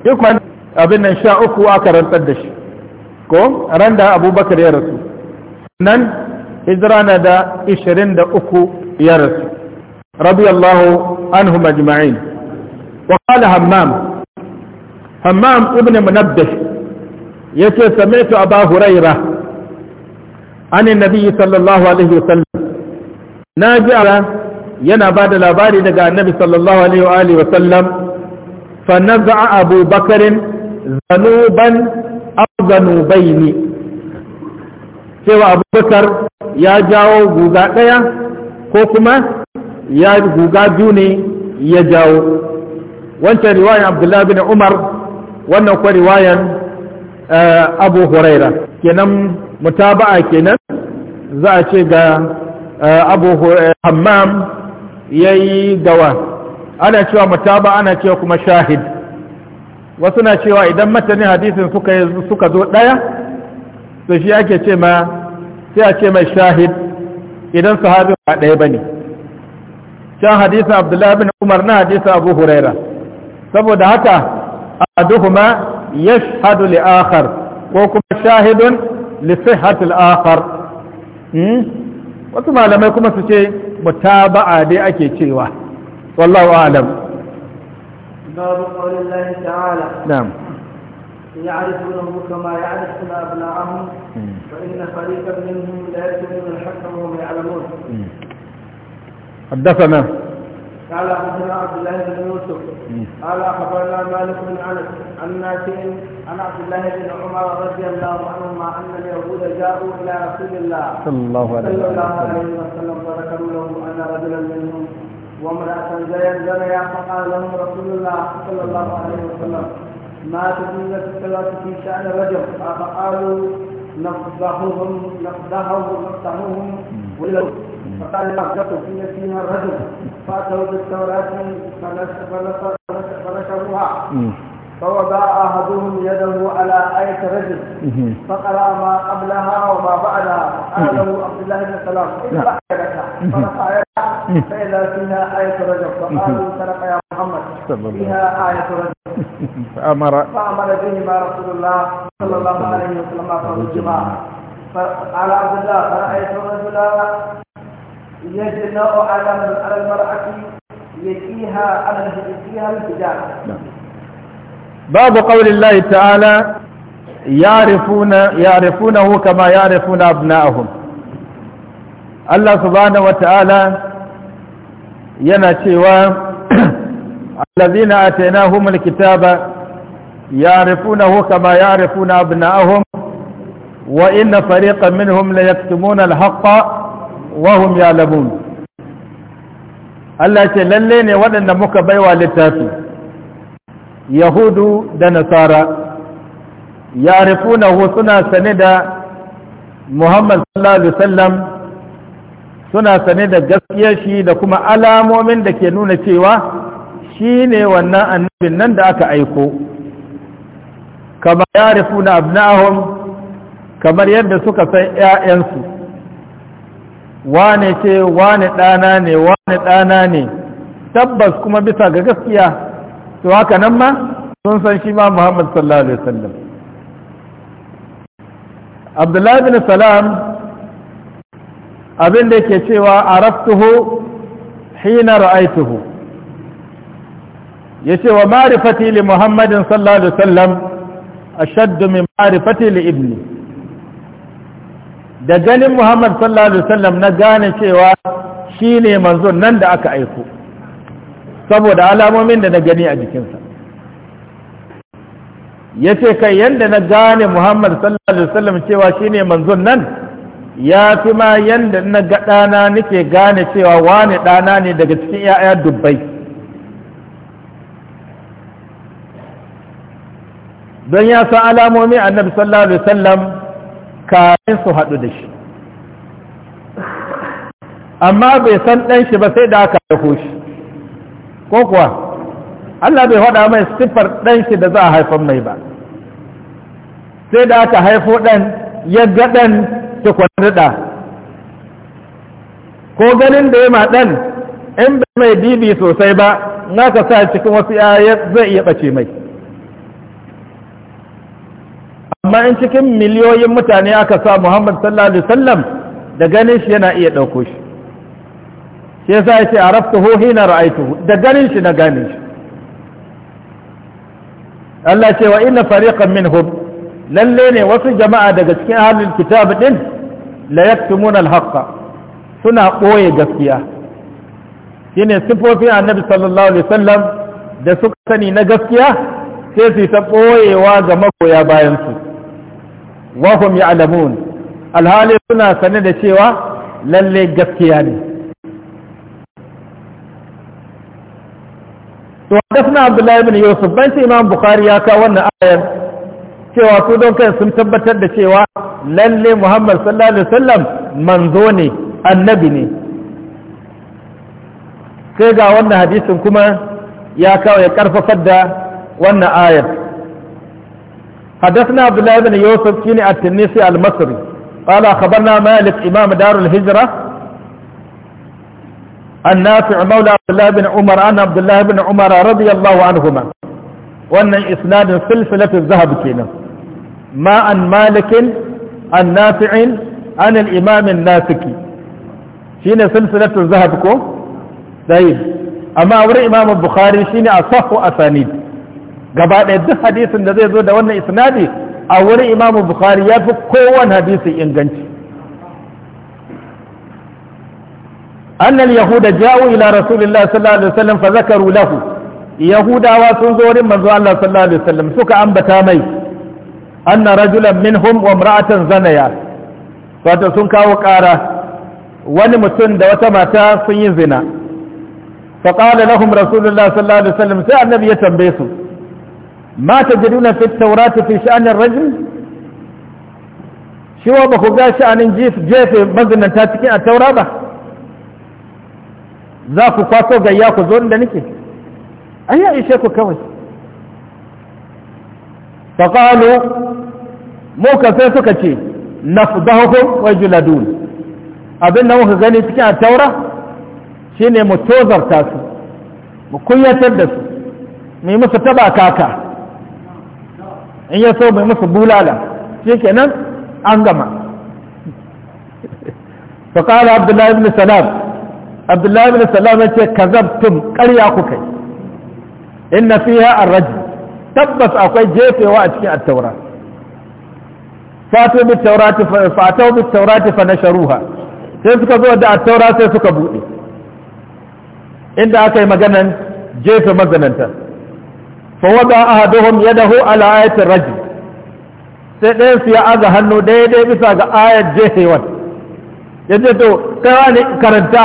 duk wani abin nan sha uku aka rantsar da shi ko ran da abubakar ya rasu nan hijira da ishirin da uku ya rasu rabi allahu anhu majma'in wa kala hammam hammam ibn munabbih yace sami'tu aba hurairah an annabi sallallahu alaihi wasallam naji ala yana ba da labari daga annabi sallallahu alaihi wa sallam fa naza'a abu bakarin zanuban aw zanubaini cewa abubakar ya jawo guga daya ko kuma ya guga biyu ne ya jawo wancan riwayan abdullahi bin umar wannan kuwa riwayan eh, abu huraira kenan mutaba'a kenan za a ce ga eh, abu eh, hammam yayi gawa ana cewa mutaba ana cewa kuma shahid wasu na cewa idan matanin hadisin suka zo ɗaya to shi ake ce ma sai a ce mai shahid idan sahabi ba daya bane can hadisin abdullahi bin umar na hadisi abu huraira saboda haka duhuma yashhadu li akhar ko kuma shahidun li sihhati akhar hmm? wasu malamai kuma su ce mutaba'a dai ake cewa wallahu alam babu qaulillahi ta'ala na'am يعرفونه كما يعرفون أبناءهم فإن فريقا منهم لا يكتمون الحق وهم يعلمون حدثنا قال حدثنا عبد الله بن يوسف قال اخبرنا مالك بن انس عن نافع عن عبد الله بن عمر رضي الله عنهما ان اليهود جاءوا الى رسول الله صلى الله عليه وسلم فذكروا له ان رجلا منهم وامراه زيا زنيا فقال لهم رسول الله صلى الله عليه وسلم ما تدين الصلاه في شان رجل فقالوا نفضحهم نفضحهم نفضحهم ولو فقال المعركة إن فيها الرجل فأتوا بالتوراة فنشروها فوضع أحدهم يده على آية رجل فقرأ ما قبلها وما بعدها قال له عبد الله بن سلام اقرأ يدك فرفع يدك فإذا فيها آية رجل فقالوا سرق يا محمد فيها آية رجل فأمر فأمر بهما رسول الله صلى الله عليه وسلم فرجما فقال عبد الله فرأيت رجلا يجناء على المرأة يتيها على يتيها الحجاب نعم. باب قول الله تعالى يعرفون يعرفونه كما يعرفون ابنائهم الله سبحانه وتعالى ينشئوا الذين اتيناهم الكتاب يعرفونه كما يعرفون ابنائهم وان فريقا منهم ليكتمون الحق wahum ya labun Allah ce lalle ne waɗanda muka baiwa littafi yahudu da nasara ya rifunahu suna sane da muhammad sallallahu alaihi wasallam suna sane da gaskiyar shi da kuma alamomin da ke nuna cewa shi ne wannan annabin nan da aka aiko Kamar ya rufuna kamar yadda suka san 'ya'yansu wane ce wane ɗana ne wane ɗana ne tabbas kuma bisa ga gaskiya to haka nan ma sun san shi ma muhammad sallallahu alaihi wasallam abdullahi bin salam abin da yake cewa araftuhu hina ra'aituhu yace wa ma'rifati li muhammadin sallallahu alaihi wasallam ashadd min ma'rifati li ibni da ganin Muhammad sallallahu alaihi wasallam na gane cewa shine manzon nan da aka aiko saboda alamomin da na gani a jikinsa yace kai yanda na gane Muhammad sallallahu alaihi wasallam cewa shine manzon nan ya fi ma yanda na ga ɗana nake gane cewa wane ɗana ne daga cikin 'ya'ya dubbai don ya san alamomi annabi sallallahu alaihi wasallam kafin su haɗu da shi amma bai san ɗan shi ba sai da aka haifo shi ko kuwa Allah bai haɗa mai siffar ɗan shi da za a haifan mai ba sai da aka haifo ɗan ya ga ɗan tukwanriɗa ko ganin da ya ma ɗan in bai mai bibi sosai ba na ka sa cikin wasu yaya zai iya ɓace mai amma in cikin miliyoyin mutane aka sa Muhammad sallallahu alaihi wasallam da ganin shi yana iya ɗauko shi shi yasa yace araftuhu hina ra'aytuhu da ganin shi na gane shi Allah ce wa inna fariqan minhum lalle ne wasu jama'a daga cikin ahlul kitab din la yaktumuna al-haqqa suna boye gaskiya shine sifofin annabi sallallahu alaihi wasallam da suka sani na gaskiya sai su ta ɓoyewa ga magoya bayansu wahum ya'lamun alhali suna sane da cewa lalle gaskiya ne to suna abdullahi ibn yusuf ban sai imam bukhari ya kawo wannan ayar cewa su don kai sun tabbatar da cewa lalle muhammad sallallahu alaihi wasallam manzo ne annabi ne sai ga wannan hadisin kuma ya kawo ya karfafar da wannan ayar حدثنا عبد الله بن يوسف كيني التنيسي المصري قال أخبرنا مالك إمام دار الهجرة النافع مولى عبد الله بن عمر عن عبد الله بن عمر رضي الله عنهما وأن إسناد سلسلة الذهب كينا ما عن مالك عن نافع عن الإمام الناسكي شين سلسلة الذهب كو طيب أما أوري إمام البخاري شين أصح أسانيد gaba ɗaya duk hadisin da zai zo da wannan isnadi a wurin imamu bukhari ya fi kowane hadisi inganci annal yahuda ja'u ila rasulillahi sallallahu alaihi wasallam fa zakaru lahu yahudawa sun zo wurin manzo Allah sallallahu alaihi wasallam suka ambata mai anna rajulan minhum wa imra'atan zanaya wato sun kawo ƙara wani mutum da wata mata sun yi zina fa qala lahum rasulullah sallallahu alaihi wasallam sai annabi ya tambaye su ma tajiduna fi at-taurati fi sha'anir rajul shi ba ku ga sha'anin jefe mazinanta cikin a taura ba za ku kwaso gayya ku zo da nake an ya ishe kawai faƙalo muka sai suka ce na fudahu wai juladun abin da muka gani cikin a taura shi ne mu tozarta su mu kunyatar da su mu yi musu taba kaka in ya so bai masa bulala shi kenan an gama faƙala abdullahi ibn salam abdullahi ibn salam ya ce kazabtum ƙarya ku kai in na fiye a raji tabbas akwai jefewa a cikin attaura fatu bi taurati fatu bi taurati sai suka zo da attaura sai suka bude inda aka yi maganan jefe mazanantar fa wada ahaduhum yadahu ala ayatir rajul sai ɗayan su ya aza hannu daidai bisa ga ayat jehewat ya ce to kai wani karanta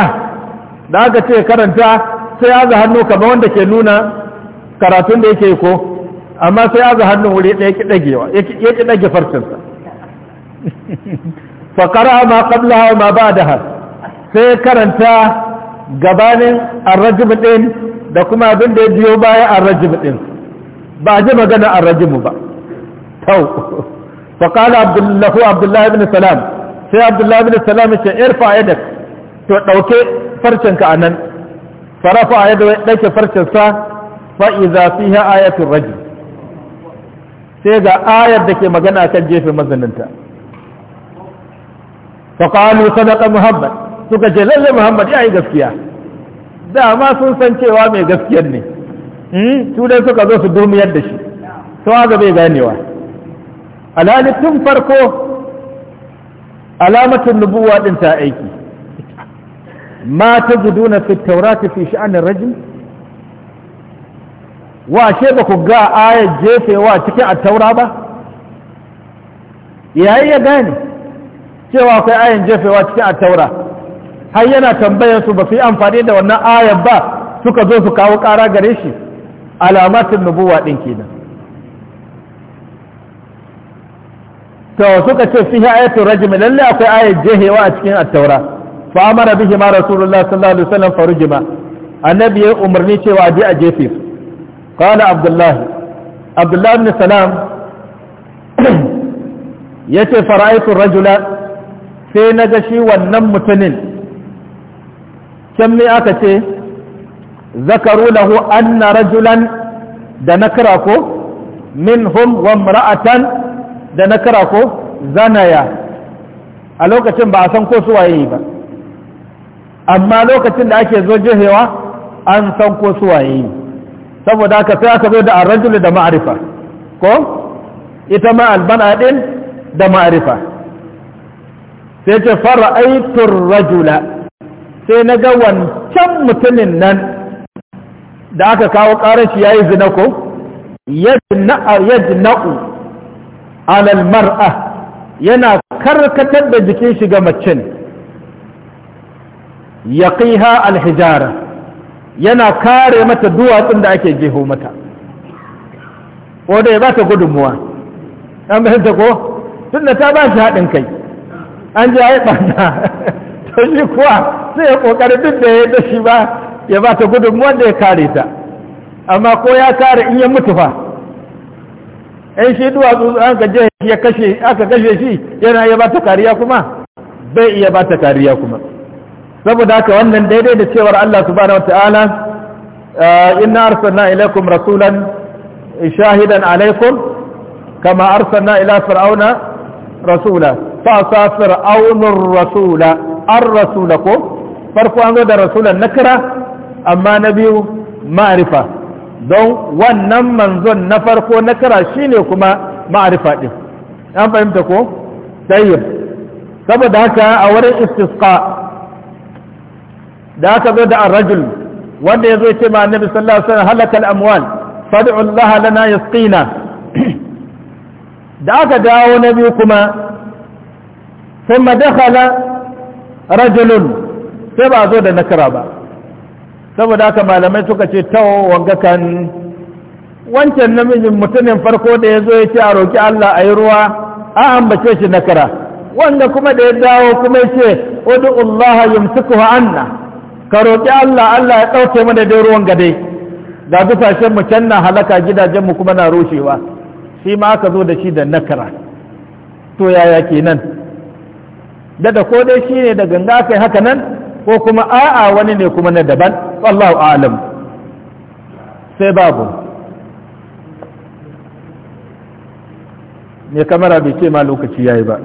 da aka ce karanta sai ya aza hannu kamar wanda ke nuna karatun da yake ko amma sai ya aza hannu wuri ɗaya ki ɗagewa ya ki ɗage farcinsa fa kara ma qablaha ma ba'daha sai karanta gabanin arrajim din da kuma abin da ya biyo baya arrajim din ba ji magana a rajimu ba tau faƙala abdullahu abdullahi bin salam sai abdullahi bin salam ce irfa yadak to ɗauke farcenka a nan farafa a yadda ɗauke sa fa'iza fi ha ayatun raji sai ga ayar da ke magana kan jefe mazaninta faƙalu sadaka muhammad suka ce lallai muhammad ya yi gaskiya dama sun san cewa mai gaskiyar ne Hmm? su dai suka zo su durmiyar da shi to haka bai ganewa alhali tun farko alamatin nubuwa din ta aiki ma ta guduna fi taurati fi sha'anin rajin wa she ba ku ga ayar jefewa cikin a taura ba yayi ya gane cewa akwai ayar jefewa cikin a taura har yana tambayar su ba su yi amfani da wannan ayar ba suka zo su kawo kara gare shi alamatin nubuwa din kenan to suka ce fi ayatu rajm lalle akwai ayat jehewa a cikin at-taura fa amara bihi ma rasulullah sallallahu alaihi wasallam farujima annabi ya umarni cewa a je a jefe su qala abdullahi abdullahi ibn salam yace fara'aytu rajula sai naga shi wannan mutumin can me aka ce zakaru lahu anna rajulan da nakira ko minhum wa imra'atan da nakira ko zanaya a lokacin ba a san ko su waye ba amma lokacin da ake zo jihewa an san ko su waye saboda haka sai aka zo da ar-rajul da ma'rifa ko ita ma albana din da ma'rifa sai ce fara fara'aitur rajula sai na ga wancan mutumin nan da aka kawo karar ya yayi zina ko na'u alal mar'a yana karkatar da jikin shi ga ya yaqiha alhijara yana kare mata duwatsun da ake jeho mata ko da ya bata gudunmuwa an ta ko tunda ta ba shi haɗin kai an ji yi ɓanna to shi kuwa sai ya ƙoƙari duk da ya da shi ba ya ba ta gudun wanda ya kare ta amma ko ya kare in ya mutu fa in shi duwatsu an ka je ya kashe aka kashe shi yana iya ba ta kariya kuma bai iya ba ta kariya kuma saboda haka wannan daidai da cewar Allah subhanahu wataala ah, inna arsalna ilaikum rasulan shahidan alaikum kama arsalna ila fir'auna rasula fa sa fir'aunur rasula ar-rasula ko farko an zo da rasulan nakara amma na biyu ma'arifa don wannan manzon na farko na kara shine kuma ma'arifa ɗin an fahimta ko? tayyib saboda haka a wurin istisqa da aka zo da rajul wanda ya zo ce ma annabi sallallahu alaihi wasallam halakal amwal fad'u Allah lana yasqina da aka dawo na biyu kuma sai madakhala rajulun sai ba zo da nakara ba saboda haka malamai suka ce tawo wanga kan wancan namijin mutumin farko da ya zo ya ce a roƙi Allah a yi ruwa a ambace shi nakara wanda kuma da ya dawo kuma ya ce wadda Allah yamsuku wa anna ka roƙi Allah Allah ya ɗauke mana dai ruwan gade ga dukashen mu can na halaka gidajen mu kuma na rushewa shi ma aka zo da shi da nakara to yaya kenan da da ko dai shine da ganga kai haka nan ko kuma a'a wani ne kuma na daban wallahu alam sai babu ne kamara bai ce ma lokaci yayi ba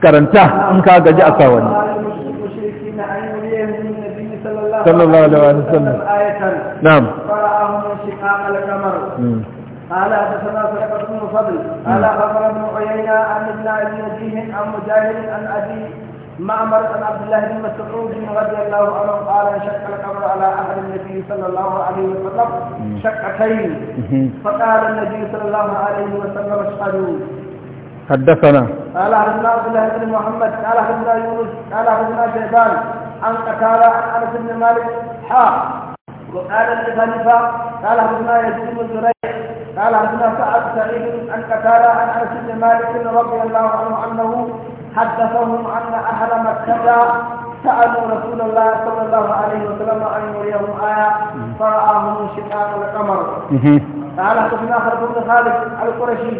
karanta in ka gaji a sa sallallahu alaihi wa sallam na'am hmm. قال معمر عن عبد الله بن مسعود رضي الله عنه قال شك الامر على عهد النبي صلى الله عليه وسلم شقتين فقال النبي صلى الله عليه وسلم اشهدوا حدثنا قال حدثنا عبد الله بن محمد قال حدثنا يونس قال حدثنا شيبان عن قتاله عن انس بن مالك حا وقال الخليفه قال حدثنا يزيد بن زريع قال حدثنا سعد سعيد عن قتاله عن انس بن مالك رضي الله عنه انه حدثهم أن أهل مكة سألوا رسول الله صلى الله عليه وسلم أن يريهم آية فرآهم شقاق القمر قال حدثنا خالد بن خالد القرشي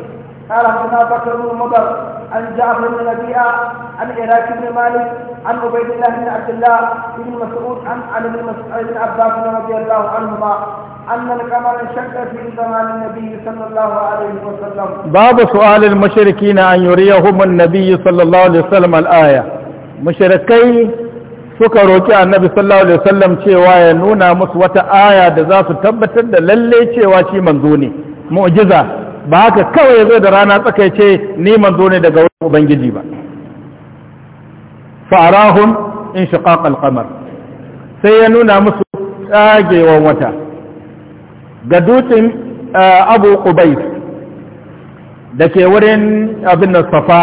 قال حدثنا بكر بن مضر عن جعفر بن ربيعة عن عراك بن مالك عن عبيد الله بن عبد الله بن مسعود عن عن بن عباس رضي الله عنهما أن القمر انشق في زمان النبي صلى الله عليه وسلم باب سؤال المشركين أن يريهم النبي صلى الله عليه وسلم الآية مشركي suka annabi sallallahu alaihi wasallam cewa ya nuna musu wata aya da za su tabbatar da lalle cewa shi manzo ne mu'jiza ba haka kawai ya zo da rana tsaka ce ni manzo ne daga wurin ubangiji ba farahum in shiqaq al-qamar sai ya nuna musu tsagewan wata ga dutsen eh, abu kubai da ke wurin abin da safa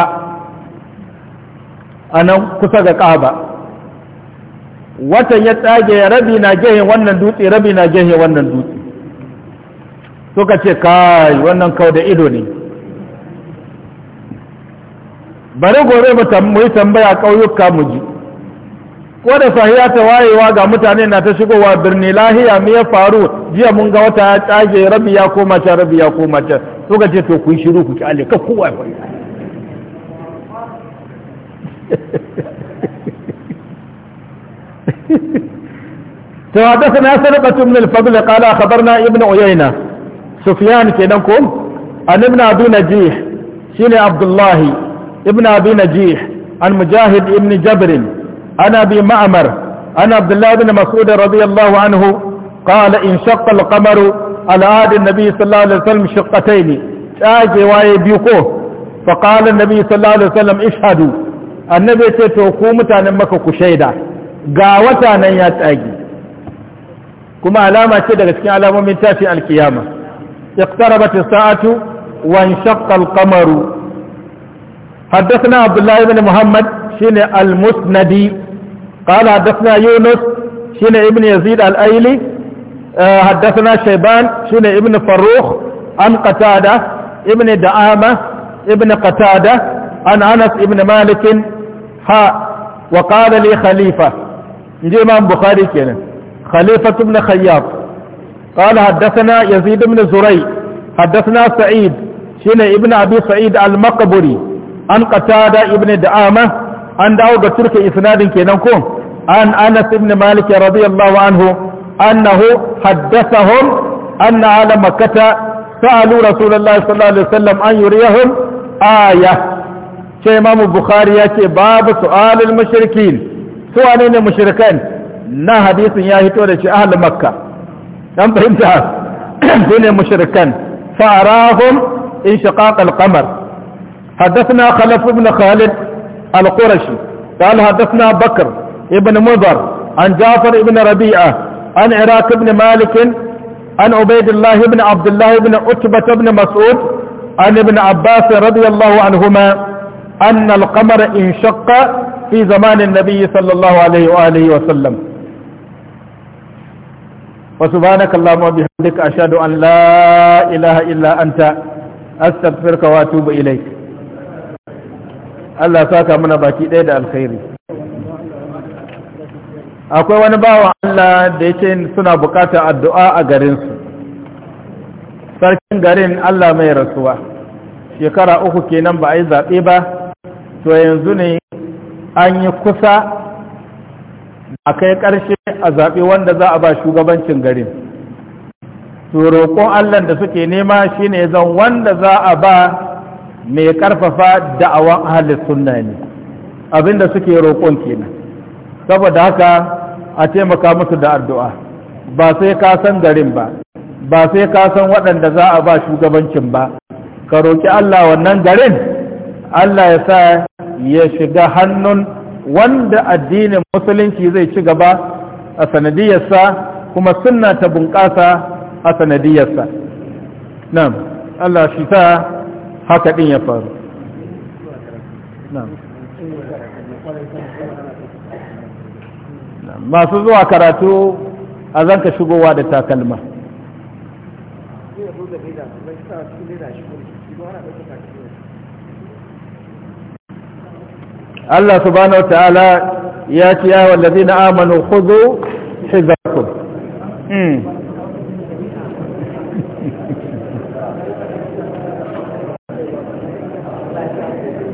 a nan kusa ga ƙaba watan ya tsage rabi na gehe wannan dutse rabi na gehe wannan dutse suka ce kai wannan kawai da ido ne bari gore mu yi tambaya ƙauyuka mu ji ko da sahiya ta wayewa ga mutane na ta shigowa birni lahiya me ya faru jiya mun ga wata ya tsage rabi ya koma ta rabi ya koma ta suka ce to ku shiru ku kyale ka kowa ya to hadathana sadaqatu min al-fadl qala khabarna ibnu uyayna sufyan kenan ko an ibn abi najih shine abdullahi ibn abi najih an mujahid ibn jabr انا بمعمر انا عبد الله بن مسعود رضي الله عنه قال انشق القمر على عاد النبي صلى الله عليه وسلم شقتين تاجي واي بيكو فقال النبي صلى الله عليه وسلم اشهدوا النبي تيتو كومتان مكة كشيدا غاوتان يا تاجي كما علامة تيدا لسكين علامة من تاشي القيامة اقتربت الساعة وانشق القمر حدثنا عبد الله بن محمد شنع المسندي قال حدثنا يونس شين ابن يزيد الأيلي آه، حدثنا شيبان شين ابن فروخ عن قتادة ابن دعامة ابن قتادة عن أنس ابن مالك ها وقال لي خليفة نجي إمام بخاري كنا خليفة بن خياط قال حدثنا يزيد بن زري حدثنا سعيد شين ابن أبي سعيد المقبري عن قتادة ابن دعامة an dawo ga turke isnadin kenan ko an anas ibn malik radiyallahu anhu annahu haddathahum anna ala makkata sa'alu rasulullahi sallallahu alaihi wasallam an yuriyahum aya ce imamu bukhari yace babu su'alul mushrikin su wane ne mushrikan na hadisin ya hito da shi ahlul makka dan fahimta sune mushrikan fa'arahum inshiqaq al-qamar حدثنا خلف بن خالد القرشي قال حدثنا بكر ابن مضر عن جعفر ابن ربيعة عن عراك ابن مالك عن عبيد الله بن عبد الله بن عتبة بن مسعود عن ابن عباس رضي الله عنهما أن القمر انشق في زمان النبي صلى الله عليه وآله وسلم وسبحانك اللهم وبحمدك أشهد أن لا إله إلا أنت أستغفرك وأتوب إليك Allah saka mana baki ɗaya da alkhairi akwai wani bawan Allah da yake suna bukatar addu'a a garinsu sarkin garin Allah mai rasuwa shekara uku kenan ba a yi zaɓe ba to yanzu ne an yi kusa a kai ƙarshe a zaɓe wanda za a ba shugabancin garin to roƙon Allah da suke nema shine zan wanda za a ba mai karfafa da'awan ahli sunna ne abinda suke roƙon kenan saboda haka a taimaka musu da addu'a ba sai ka san garin ba ba sai ka san waɗanda za a ba shugabancin ba ka roƙi Allah wannan garin Allah ya sa ya shiga hannun wanda addinin musulunci zai ci gaba a sanadiyarsa kuma sunna ta bunƙasa a sanadiyarsa nan Allah shi ta haka din ya faru masu zuwa karatu a zanka shigowa da takalma Allah subhanahu wa ta'ala ya ce ya na amanu khudhu hizakum hmm.